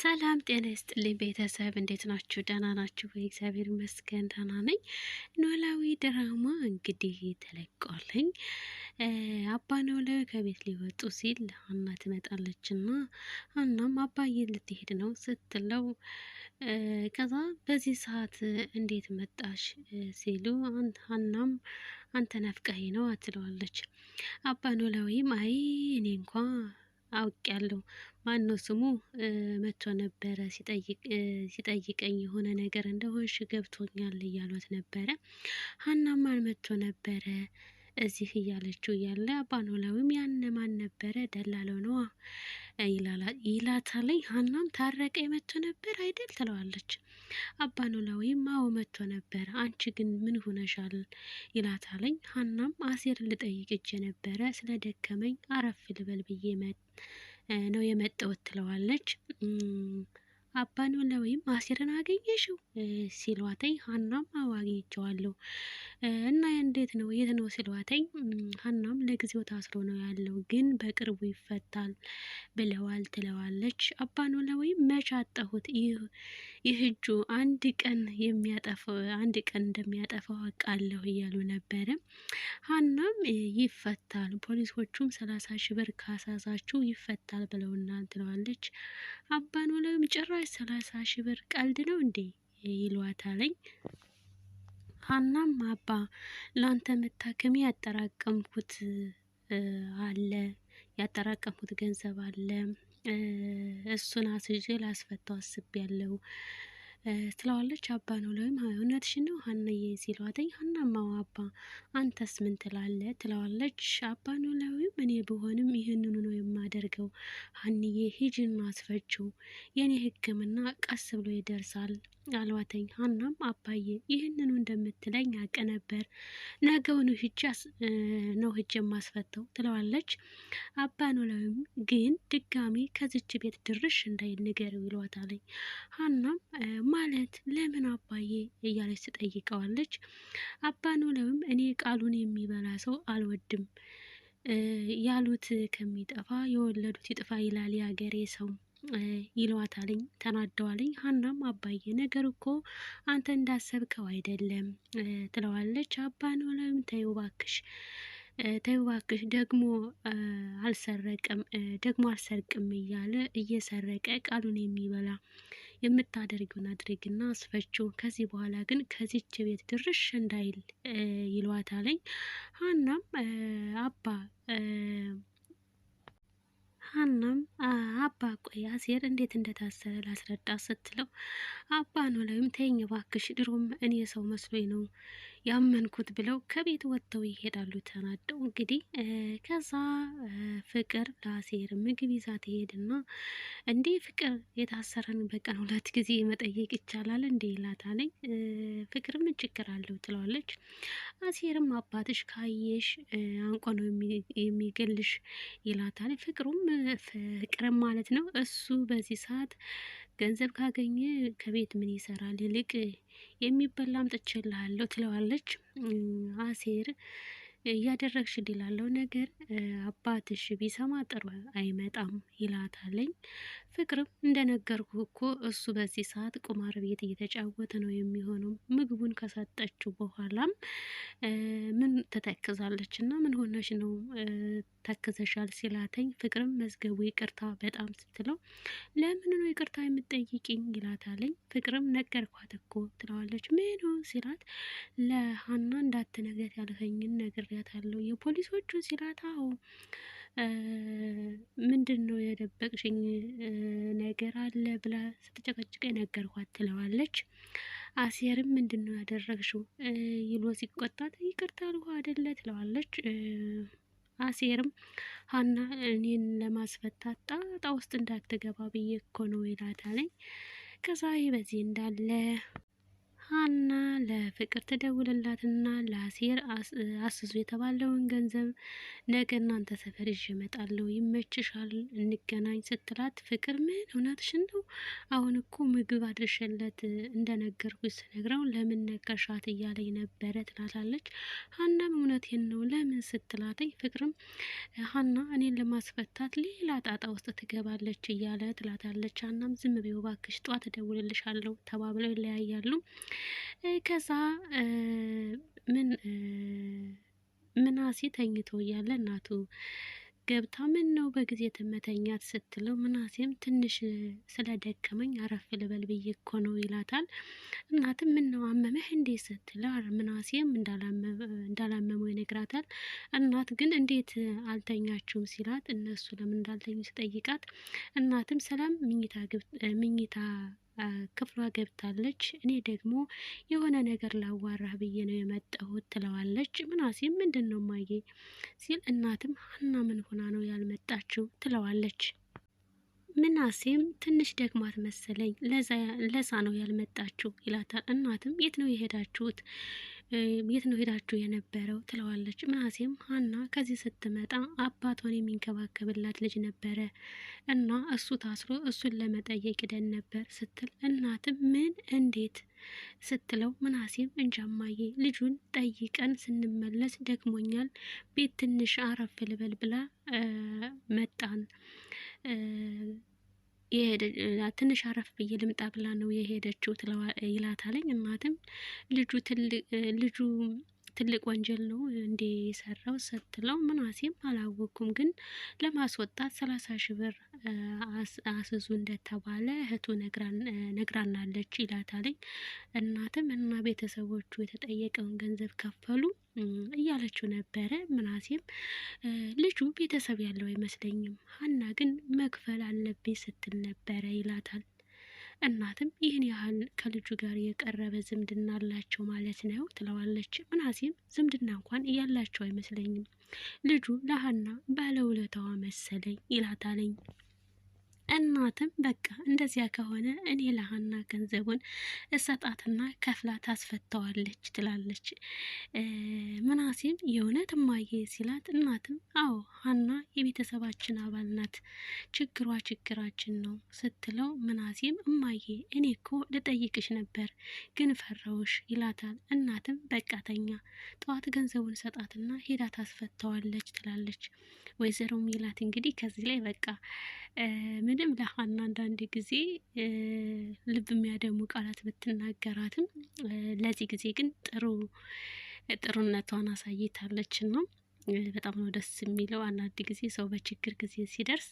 ሰላም ጤና ይስጥልኝ ቤተሰብ፣ እንዴት ናችሁ? ደህና ናችሁ? እግዚአብሔር ይመስገን ደህና ነኝ። ኖላዊ ድራማ እንግዲህ ተለቋለኝ። አባ ኖላዊ ከቤት ሊወጡ ሲል ሀና ትመጣለች እና አባ አባዬ ልትሄድ ነው ስትለው፣ ከዛ በዚህ ሰዓት እንዴት መጣሽ ሲሉ ሀናም አንተ ናፍቀኸኝ ነው አትለዋለች። አባ ኖላዊም አይ እኔ እንኳ አውቅ ማን ነው ስሙ መጥቶ ነበረ ሲጠይቀኝ የሆነ ነገር እንደሆንሽ ገብቶኛል እያሏት ነበረ። ሀናም መጥቶ ነበረ እዚህ እያለችው እያለ አባኖላዊም ያነ ማን ነበረ ደላለው ነዋ ይላታለኝ። ሀናም ታረቀ የመቶ ነበር አይደል ትለዋለች። አባኖላዊም አዎ መቶ ነበር፣ አንቺ ግን ምን ሆነሻል ይላታለኝ። ሀናም አሴር ልጠይቅ እጄ ነበረ ስለደከመኝ አረፍ ልበል ብዬ ነው የመጣሁት ትለዋለች። አባኖላ ወይም አሴርን አገኘሽው ሲሏተኝ ሀናም አዋግኝቸዋለሁ እና እንዴት ነው የት ነው ሲሏተኝ ሀናም ለጊዜው ታስሮ ነው ያለው ግን በቅርቡ ይፈታል ብለዋል ትለዋለች። አባኖላ ወይም መች አጠሁት ይህ ይህ እጁ አንድ ቀን የሚያጠፋው አንድ ቀን እንደሚያጠፋው አውቃለሁ እያሉ ነበረ። ሀናም ይፈታል፣ ፖሊሶቹም ሰላሳ ሺ ብር ካሳሳችሁ ይፈታል ብለውናል ትለዋለች። አባኖላዊም ጭራሽ ሰላሳ ሺ ብር ቀልድ ነው እንዴ ይሏታለኝ። ሀናም አባ ለአንተ መታከሚያ ያጠራቀምኩት አለ ያጠራቀምኩት ገንዘብ አለ እሱን አስይዤ ላስፈታው አስቤያለሁ ትለዋለች። አባ ነው ለወይም እውነትሽን ነው ሀናዬ ሲለዋተኝ፣ ሀናማው አባ አንተስ ምን ትላለህ ትለዋለች። አባ ነው ለወይም እኔ ብሆንም ይህንኑ ነው የማደርገው። ሀንዬ ሂጂን ማስፈችው የእኔ ሕክምና ቀስ ብሎ ይደርሳል አልዋተኝ። ሀናም አባዬ ይህንኑ እንደምትለኝ አውቅ ነበር፣ ነገውኑ ሂጄ ነው ሂጄ የማስፈተው ትለዋለች። አባ ኖላዊም ግን ድጋሚ ከዚች ቤት ድርሽ እንዳይል ንገሪው ሀናም ማለት ለምን አባዬ እያለች ትጠይቀዋለች። አባ ኖላዊም እኔ ቃሉን የሚበላ ሰው አልወድም፣ ያሉት ከሚጠፋ የወለዱት ይጥፋ ይላል ያገሬ ሰው ይለዋታልኝ ተናደዋልኝ። ሀናም አባዬ ነገር እኮ አንተ እንዳሰብከው አይደለም ትለዋለች። አባ ነው ለምን ተይው እባክሽ ተይው እባክሽ ደግሞ አልሰረቅም ደግሞ አልሰርቅም እያለ እየሰረቀ ቃሉን የሚበላ የምታደርገውን አድርግና አስፈችው። ከዚህ በኋላ ግን ከዚች ቤት ድርሽ እንዳይል ይለዋታልኝ። ሀናም አባ ሀናም አባ ቆይ አሴር እንዴት እንደታሰረ ላስረዳ ስትለው አባ ኖላዊም ተይኝ እባክሽ ድሮም እኔ ሰው መስሎኝ ነው ያመንኩት ብለው ከቤት ወጥተው ይሄዳሉ ተናደው። እንግዲህ ከዛ ፍቅር ለአሴር ምግብ ይዛ ትሄድና እንዴ ፍቅር የታሰረን በቀን ሁለት ጊዜ መጠየቅ ይቻላል እንዴ ይላታለኝ። ፍቅር ምን ችግር አለው ትለዋለች። አሴርም አባትሽ ካየሽ አንቋ ነው የሚገልሽ ይላታል። ፍቅሩም ፍቅርም ማለት ነው እሱ በዚህ ሰዓት ገንዘብ ካገኘ ከቤት ምን ይሰራል? ይልቅ የሚበላም አምጥቼልሃለሁ ትለዋለች። አሴር እያደረግሽ እንዲላለው ነገር አባትሽ ቢሰማ ጥሩ አይመጣም ይላታለኝ። ፍቅርም እንደነገርኩ እኮ እሱ በዚህ ሰዓት ቁማር ቤት እየተጫወተ ነው የሚሆነው። ምግቡን ከሰጠችው በኋላም ምን ትተክዛለች እና ምን ሆነሽ ነው ተክዘሻል ሲላተኝ ፍቅርም መዝገቡ ይቅርታ በጣም ስትለው ለምን ነው ይቅርታ የምጠይቅኝ ይላታለኝ። ፍቅርም ነገርኳት እኮ ትለዋለች። ምኑ ሲላት ለሀና እንዳትነግሪያት ያልኸኝን ነግሬያታለሁ የፖሊሶቹ ሲላት አዎ ምንድን ነው የደበቅሽኝ ነገር አለ ብላ ስትጨቀጭቀ የነገርኳት ትለዋለች። አሴርም ምንድን ነው ያደረግሽው ይሎ ሲቆጣት ይቅርታ ልሁ አይደለ ትለዋለች። አሴርም ሀና እኔን ለማስፈታት ጣጣ ውስጥ እንዳትገባ ብዬ እኮ ነው ይላታለኝ። ከዛ በዚህ እንዳለ ሀና ለፍቅር ትደውልላትና ለአሴር አስዙ የተባለውን ገንዘብ ነገ እናንተ ሰፈር ይዤ እመጣለሁ፣ ይመችሻል፣ እንገናኝ ስትላት ፍቅር ምን እውነትሽን ነው? አሁን እኮ ምግብ አድርሸለት እንደነገርኩሽ ስነግረው ለምን ነገርሻት እያለኝ ነበረ ትላታለች። ሀናም እውነቴን ነው ለምን ስትላተኝ ፍቅርም ሀና እኔን ለማስፈታት ሌላ ጣጣ ውስጥ ትገባለች እያለ ትላታለች። ሀናም ዝም ቢው እባክሽ ጧት እደውልልሻለሁ ተባብለው ይለያያሉ። ከዛ ምን ምናሴ ተኝቶ እያለ እናቱ ገብታ ምን ነው በጊዜ ትመተኛት ስትለው ምናሴም ትንሽ ስለደከመኝ አረፍ ልበል ብዬ እኮ ነው ይላታል። እናትም ምን ነው አመመህ እንዴ ስትለው ምናሴም እንዳላመመው ይነግራታል። እናት ግን እንዴት አልተኛችሁም ሲላት እነሱ ለምን እንዳልተኙ ሲጠይቃት እናትም ሰላም ምኝታ ክፍሏ ገብታለች። እኔ ደግሞ የሆነ ነገር ላዋራህ ብዬ ነው የመጣሁት ትለዋለች። ምናሴም ምንድን ነው ማየ ሲል እናትም ሀና ምን ሆና ነው ያልመጣችው ትለዋለች። ምናሴም ትንሽ ደግማት መሰለኝ ለዛ ነው ያልመጣችሁ ይላታል። እናትም የት ነው የሄዳችሁት? የት ነው ሄዳችሁ የነበረው ትለዋለች። ምናሴም ሀና ከዚህ ስትመጣ አባቷን የሚንከባከብላት ልጅ ነበረ እና እሱ ታስሮ እሱን ለመጠየቅ ደን ነበር ስትል እናትም ምን እንዴት ስትለው ምናሴም እንጃማዬ ልጁን ጠይቀን ስንመለስ ደክሞኛል፣ ቤት ትንሽ አረፍ ልበል ብላ መጣን ትንሽ አረፍ ብዬ ልምጣ ብላ ነው የሄደችው ይላታለኝ። እናትም ልጁ ትልቅ ልጁ ትልቅ ወንጀል ነው እንዴ የሰራው ስትለው ምናሴም አላወቅኩም፣ ግን ለማስወጣት ሰላሳ ሺህ ብር አስዙ እንደተባለ እህቱ ነግራናለች ይላታለኝ። እናትም እና ቤተሰቦቹ የተጠየቀውን ገንዘብ ከፈሉ እያለችው ነበረ። ምናሴም ልጁ ቤተሰብ ያለው አይመስለኝም፣ ሀና ግን መክፈል አለብኝ ስትል ነበረ ይላታል። እናትም ይህን ያህል ከልጁ ጋር የቀረበ ዝምድና አላቸው ማለት ነው ትለዋለች። ምናሴም ዝምድና እንኳን ያላቸው አይመስለኝም፣ ልጁ ለሀና ባለውለታዋ መሰለኝ ይላታለኝ። እናትም በቃ እንደዚያ ከሆነ እኔ ለሀና ገንዘቡን እሰጣትና ከፍላ ታስፈታዋለች ትላለች። ምናሴም የእውነት እማዬ ሲላት እናትም አዎ ሀና የቤተሰባችን አባል ናት፣ ችግሯ ችግራችን ነው ስትለው ምናሴም እማዬ እኔ እኮ ልጠይቅሽ ነበር ግን ፈራውሽ ይላታል። እናትም በቃተኛ ጠዋት ገንዘቡን ሰጣትና ሄዳ ታስፈተዋለች ትላለች። ወይዘሮ ሚላት እንግዲህ ከዚህ ላይ በቃ ምንም በጣም ለሀና አንዳንድ ጊዜ ልብ የሚያደሙ ቃላት ብትናገራትም ለዚህ ጊዜ ግን ጥሩ ጥሩነቷን አሳይታለች ነው። በጣም ነው ደስ የሚለው። አንዳንድ ጊዜ ሰው በችግር ጊዜ ሲደርስ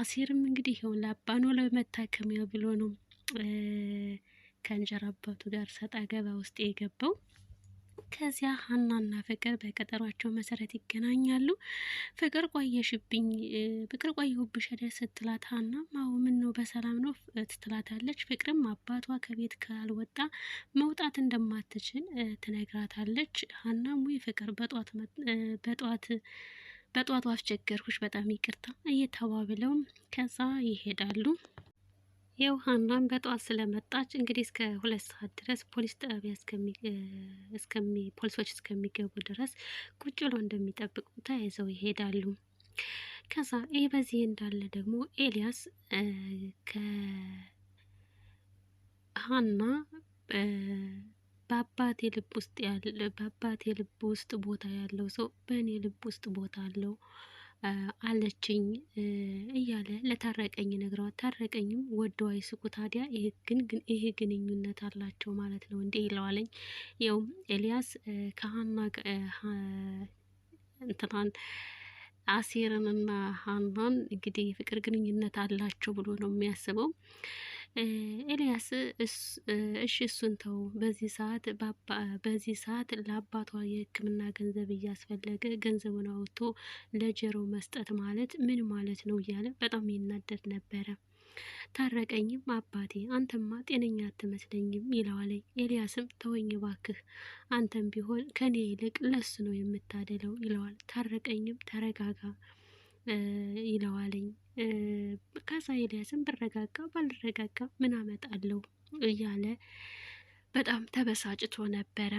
አሲርም እንግዲህ ይኸውን ለአባኖ ለመታከሚያ ብሎ ነው ከእንጀራ አባቱ ጋር ሰጣ ገባ ውስጥ የገባው። ከዚያ ሀናና ፍቅር በቀጠሯቸው መሰረት ይገናኛሉ። ፍቅር ቆየሽብኝ፣ ፍቅር ቆየሁብሽ አይደል ስትላት ሀና ማው ምን ነው በሰላም ነው ትትላታለች። ፍቅርም አባቷ ከቤት ካልወጣ መውጣት እንደማትችል ትነግራታለች። ሀና ሙይ ፍቅር በጧት በጧት በጧቱ አስቸገርኩሽ፣ በጣም ይቅርታ እየተባብለውም ከዛ ይሄዳሉ። ያው በጠዋት ስለመጣች እንግዲህ እስከ ሁለት ሰዓት ድረስ ፖሊስ ጣቢያ እስከሚ ፖሊሶች እስከሚገቡ ድረስ ቁጭ ብሎ እንደሚጠብቁ ተያይዘው ይሄዳሉ። ከዛ ይህ በዚህ እንዳለ ደግሞ ኤልያስ ከሀና በአባቴ ልብ ውስጥ ያለ በአባቴ ልብ ውስጥ ቦታ ያለው ሰው በእኔ ልብ ውስጥ ቦታ አለው አለችኝ እያለ ለታረቀኝ ነግረዋል። ታረቀኝም ወዶ አይስቁ ታዲያ ይሄ ግንኙነት አላቸው ማለት ነው እንዴ ይለዋለኝ። ያው ኤልያስ ከሀና እንትናን አሴርንና ሀናን እንግዲህ ፍቅር ግንኙነት አላቸው ብሎ ነው የሚያስበው። ኤልያስ እሺ እሱን ተው፣ በዚህ ሰዓት በዚህ ሰዓት ለአባቷ የሕክምና ገንዘብ እያስፈለገ ገንዘቡን አውጥቶ ለጀሮ መስጠት ማለት ምን ማለት ነው እያለ በጣም ይናደድ ነበረ። ታረቀኝም አባቴ አንተማ ጤነኛ አትመስለኝም ይለዋለኝ። ኤልያስም ተወኝ ባክህ አንተም ቢሆን ከኔ ይልቅ ለሱ ነው የምታደለው ይለዋል። ታረቀኝም ተረጋጋ ይለዋለኝ። ከዛ ኤልያስም ብረጋጋ ባልረጋጋ ምን አመጣለሁ እያለ በጣም ተበሳጭቶ ነበረ።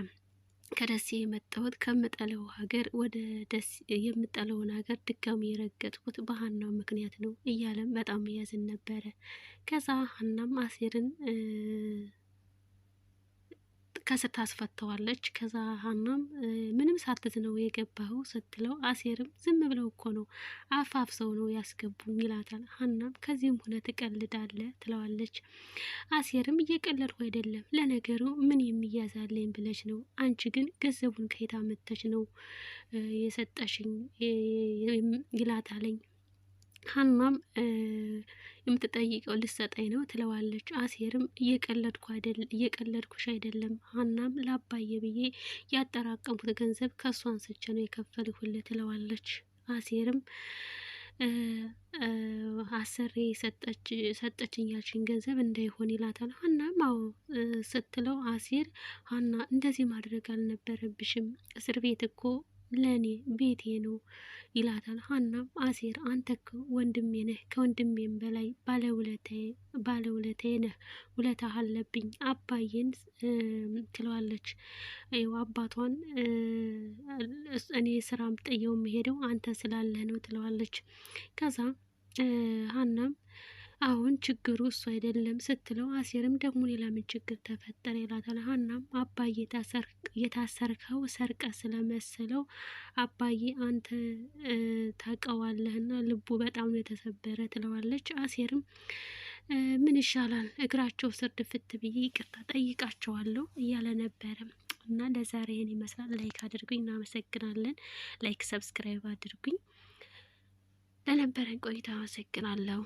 ከደሴ የመጣሁት ከምጠለው ሀገር ወደ ደስ የምጠለውን ሀገር ድጋሚ የረገጥኩት በሀናው ምክንያት ነው እያለም በጣም ያዝን ነበረ። ከዛ ሀናም አሴርን ከስር ታስፈተዋለች። ከዛ ሀናም ምንም ሳትት ነው የገባኸው ስትለው አሴርም ዝም ብለው እኮ ነው አፋፍ ሰው ነው ያስገቡኝ ይላታል። ሀናም ከዚህም ሆነ ትቀልዳለ ትለዋለች። አሴርም እየቀለድኩ አይደለም፣ ለነገሩ ምን የሚያዛለኝ ብለች ነው። አንቺ ግን ገንዘቡን ከየት አመተች ነው የሰጠሽኝ ይላታለኝ። ሀናም የምትጠይቀው ልሰጠኝ ነው ትለዋለች። አሴርም እየቀለድኩ አይደል እየቀለድኩሽ አይደለም ሀናም ላባየ ብዬ ያጠራቀምኩት ገንዘብ ከእሱ አንስቼ ነው የከፈልኩልህ ትለዋለች። አሴርም አሰሬ ሰጠችኝ ያልሽኝ ገንዘብ እንዳይሆን ይላታል። ሀናም አዎ ስትለው አሴር ሀና እንደዚህ ማድረግ አልነበረብሽም እስር ቤት እኮ ለእኔ ቤቴ ነው ይላታል። ሀናም አሴር አንተ ወንድሜ ነህ፣ ከወንድሜም በላይ ባለውለታዬ ነህ፣ ውለታ አለብኝ አባዬን ትለዋለች። ይኸው አባቷን እኔ ስራም ጥየው የምሄደው አንተ ስላለህ ነው ትለዋለች። ከዛ ሀናም አሁን ችግሩ እሱ አይደለም ስትለው አሴርም ደግሞ ሌላ ምን ችግር ተፈጠረ ይላታል። ሀናም አባዬ የታሰርከው ሰርቀ ስለመሰለው አባዬ አንተ ታቀዋለህና ልቡ በጣም ነው የተሰበረ ትለዋለች። አሴርም ምን ይሻላል እግራቸው ስር ድፍት ብዬ ይቅርታ ጠይቃቸዋለሁ እያለ ነበረ። እና ለዛሬ ይህን ይመስላል። ላይክ አድርጉኝ። እናመሰግናለን። ላይክ ሰብስክራይብ አድርጉኝ። ለነበረን ቆይታ አመሰግናለሁ።